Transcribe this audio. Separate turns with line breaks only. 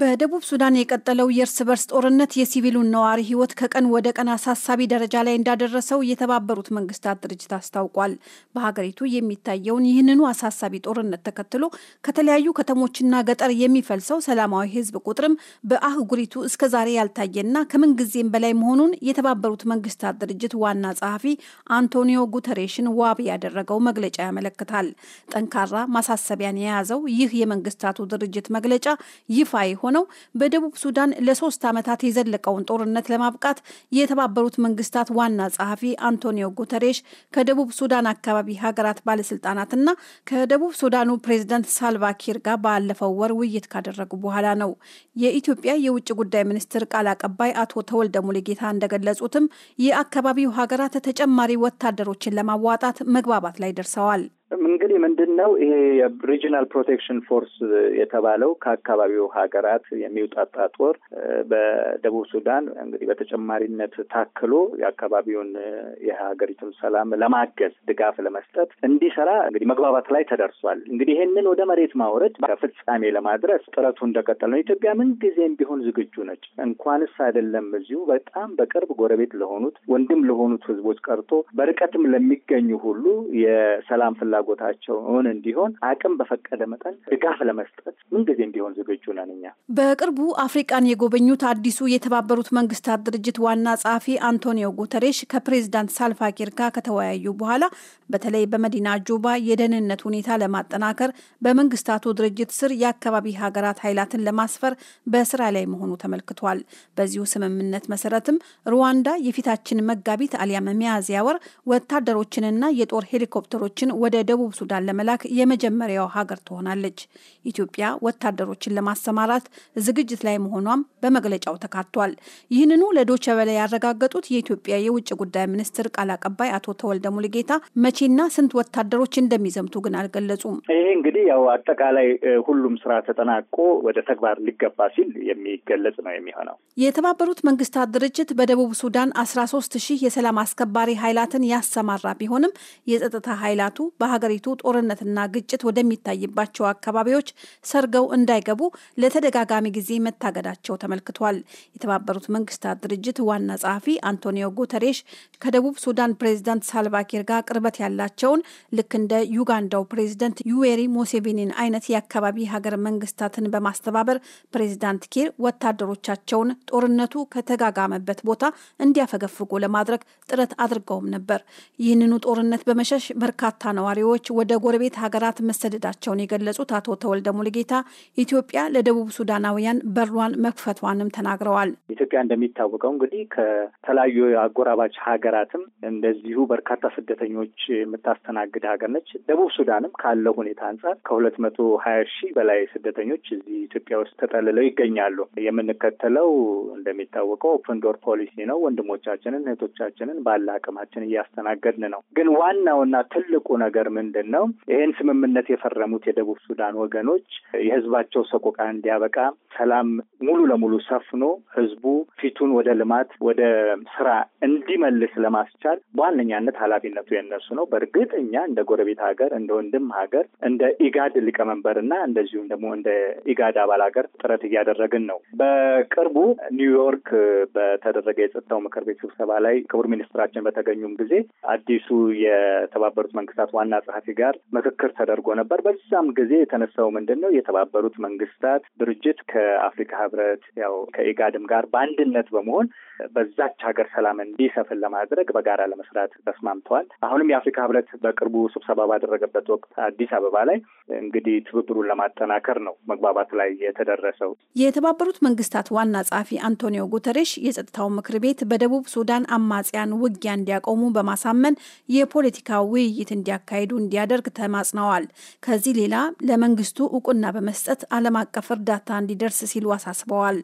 በደቡብ ሱዳን የቀጠለው የእርስ በርስ ጦርነት የሲቪሉን ነዋሪ ሕይወት ከቀን ወደ ቀን አሳሳቢ ደረጃ ላይ እንዳደረሰው የተባበሩት መንግስታት ድርጅት አስታውቋል። በሀገሪቱ የሚታየውን ይህንኑ አሳሳቢ ጦርነት ተከትሎ ከተለያዩ ከተሞችና ገጠር የሚፈልሰው ሰላማዊ ሕዝብ ቁጥርም በአህጉሪቱ እስከዛሬ ያልታየና ከምንጊዜም በላይ መሆኑን የተባበሩት መንግስታት ድርጅት ዋና ጸሐፊ አንቶኒዮ ጉተሬሽን ዋቢ ያደረገው መግለጫ ያመለክታል። ጠንካራ ማሳሰቢያን የያዘው ይህ የመንግስታቱ ድርጅት መግለጫ ይፋ ሆነው በደቡብ ሱዳን ለሶስት ዓመታት የዘለቀውን ጦርነት ለማብቃት የተባበሩት መንግስታት ዋና ጸሐፊ አንቶኒዮ ጉተሬሽ ከደቡብ ሱዳን አካባቢ ሀገራት ባለስልጣናትና ከደቡብ ሱዳኑ ፕሬዝዳንት ሳልቫኪር ጋር ባለፈው ወር ውይይት ካደረጉ በኋላ ነው። የኢትዮጵያ የውጭ ጉዳይ ሚኒስትር ቃል አቀባይ አቶ ተወልደ ሙሉጌታ እንደገለጹትም የአካባቢው ሀገራት ተጨማሪ ወታደሮችን ለማዋጣት መግባባት ላይ ደርሰዋል።
እንግዲህ ምንድን ነው ይሄ ሪጂናል ፕሮቴክሽን ፎርስ የተባለው ከአካባቢው ሀገራት የሚውጣጣ ጦር በደቡብ ሱዳን እንግዲህ በተጨማሪነት ታክሎ የአካባቢውን የሀገሪቱን ሰላም ለማገዝ ድጋፍ ለመስጠት እንዲሰራ እንግዲህ መግባባት ላይ ተደርሷል። እንግዲህ ይህንን ወደ መሬት ማውረድ ፍጻሜ ለማድረስ ጥረቱ እንደቀጠለ ነው። ኢትዮጵያ ምንጊዜም ቢሆን ዝግጁ ነች። እንኳንስ አይደለም እዚሁ በጣም በቅርብ ጎረቤት ለሆኑት ወንድም ለሆኑት ህዝቦች ቀርቶ በርቀትም ለሚገኙ ሁሉ የሰላም ፍላ ፍላጎታቸውን እንዲሆን አቅም በፈቀደ መጠን ድጋፍ ለመስጠት ምንጊዜ እንዲሆን ዝግጁ ነን። እኛ
በቅርቡ አፍሪቃን የጎበኙት አዲሱ የተባበሩት መንግስታት ድርጅት ዋና ጸሐፊ አንቶኒዮ ጉተሬሽ ከፕሬዚዳንት ሳልፋኪር ጋር ከተወያዩ በኋላ በተለይ በመዲና ጁባ የደህንነት ሁኔታ ለማጠናከር በመንግስታቱ ድርጅት ስር የአካባቢ ሀገራት ኃይላትን ለማስፈር በስራ ላይ መሆኑ ተመልክቷል። በዚሁ ስምምነት መሰረትም ሩዋንዳ የፊታችን መጋቢት አሊያም ሚያዝያ ወር ወታደሮችንና የጦር ሄሊኮፕተሮችን ወደ ደቡብ ሱዳን ለመላክ የመጀመሪያው ሀገር ትሆናለች። ኢትዮጵያ ወታደሮችን ለማሰማራት ዝግጅት ላይ መሆኗም በመግለጫው ተካቷል። ይህንኑ ለዶቼ ቬለ ያረጋገጡት የኢትዮጵያ የውጭ ጉዳይ ሚኒስትር ቃል አቀባይ አቶ ተወልደ ሙልጌታ መቼና ስንት ወታደሮች እንደሚዘምቱ ግን አልገለጹም።
ይሄ እንግዲህ ያው አጠቃላይ ሁሉም ስራ ተጠናቆ ወደ ተግባር ሊገባ ሲል የሚገለጽ ነው የሚሆነው።
የተባበሩት መንግስታት ድርጅት በደቡብ ሱዳን አስራ ሶስት ሺህ የሰላም አስከባሪ ኃይላትን ያሰማራ ቢሆንም የጸጥታ ኃይላቱ በሀገ በሀገሪቱ ጦርነትና ግጭት ወደሚታይባቸው አካባቢዎች ሰርገው እንዳይገቡ ለተደጋጋሚ ጊዜ መታገዳቸው ተመልክቷል። የተባበሩት መንግስታት ድርጅት ዋና ጸሐፊ አንቶኒዮ ጉተሬሽ ከደቡብ ሱዳን ፕሬዝዳንት ሳልቫኪር ጋር ቅርበት ያላቸውን ልክ እንደ ዩጋንዳው ፕሬዝዳንት ዩዌሪ ሞሴቬኒን አይነት የአካባቢ ሀገር መንግስታትን በማስተባበር ፕሬዝዳንት ኪር ወታደሮቻቸውን ጦርነቱ ከተጋጋመበት ቦታ እንዲያፈገፍጉ ለማድረግ ጥረት አድርገውም ነበር። ይህንኑ ጦርነት በመሸሽ በርካታ ነዋሪዎች ተማሪዎች ወደ ጎረቤት ሀገራት መሰደዳቸውን የገለጹት አቶ ተወልደ ሙልጌታ ኢትዮጵያ ለደቡብ ሱዳናውያን በሯን መክፈቷንም ተናግረዋል።
ኢትዮጵያ እንደሚታወቀው እንግዲህ ከተለያዩ የአጎራባች ሀገራትም እንደዚሁ በርካታ ስደተኞች የምታስተናግድ ሀገር ነች። ደቡብ ሱዳንም ካለው ሁኔታ አንጻር ከሁለት መቶ ሀያ ሺህ በላይ ስደተኞች እዚህ ኢትዮጵያ ውስጥ ተጠልለው ይገኛሉ። የምንከተለው እንደሚታወቀው ኦፕን ዶር ፖሊሲ ነው። ወንድሞቻችንን እህቶቻችንን ባለ አቅማችን እያስተናገድን ነው። ግን ዋናውና ትልቁ ነገር ምንድን ነው? ይህን ስምምነት የፈረሙት የደቡብ ሱዳን ወገኖች የህዝባቸው ሰቆቃ እንዲያበቃ ሰላም ሙሉ ለሙሉ ሰፍኖ ህዝቡ ፊቱን ወደ ልማት ወደ ስራ እንዲመልስ ለማስቻል በዋነኛነት ኃላፊነቱ የነሱ ነው። በእርግጥ እኛ እንደ ጎረቤት ሀገር እንደ ወንድም ሀገር እንደ ኢጋድ ሊቀመንበርና እንደዚሁም ደግሞ እንደ ኢጋድ አባል ሀገር ጥረት እያደረግን ነው። በቅርቡ ኒውዮርክ በተደረገ የጸጥታው ምክር ቤት ስብሰባ ላይ ክቡር ሚኒስትራችን በተገኙም ጊዜ አዲሱ የተባበሩት መንግስታት ዋና ጸሐፊ ጋር ምክክር ተደርጎ ነበር። በዛም ጊዜ የተነሳው ምንድን ነው የተባበሩት መንግስታት ድርጅት ከአፍሪካ ህብረት ያው ከኢጋድም ጋር በአንድነት በመሆን በዛች ሀገር ሰላም እንዲሰፍን ለማድረግ በጋራ ለመስራት ተስማምተዋል። አሁንም የአፍሪካ ህብረት በቅርቡ ስብሰባ ባደረገበት ወቅት አዲስ አበባ ላይ እንግዲህ ትብብሩን ለማጠናከር ነው መግባባት ላይ የተደረሰው።
የተባበሩት መንግስታት ዋና ጸሐፊ አንቶኒዮ ጉተሬሽ የጸጥታው ምክር ቤት በደቡብ ሱዳን አማጽያን ውጊያ እንዲያቆሙ በማሳመን የፖለቲካ ውይይት እንዲያካሂዱ እንዲያደርግ ተማጽነዋል። ከዚህ ሌላ ለመንግስቱ እውቅና በመስጠት ዓለም አቀፍ እርዳታ እንዲደርስ ሲሉ አሳስበዋል።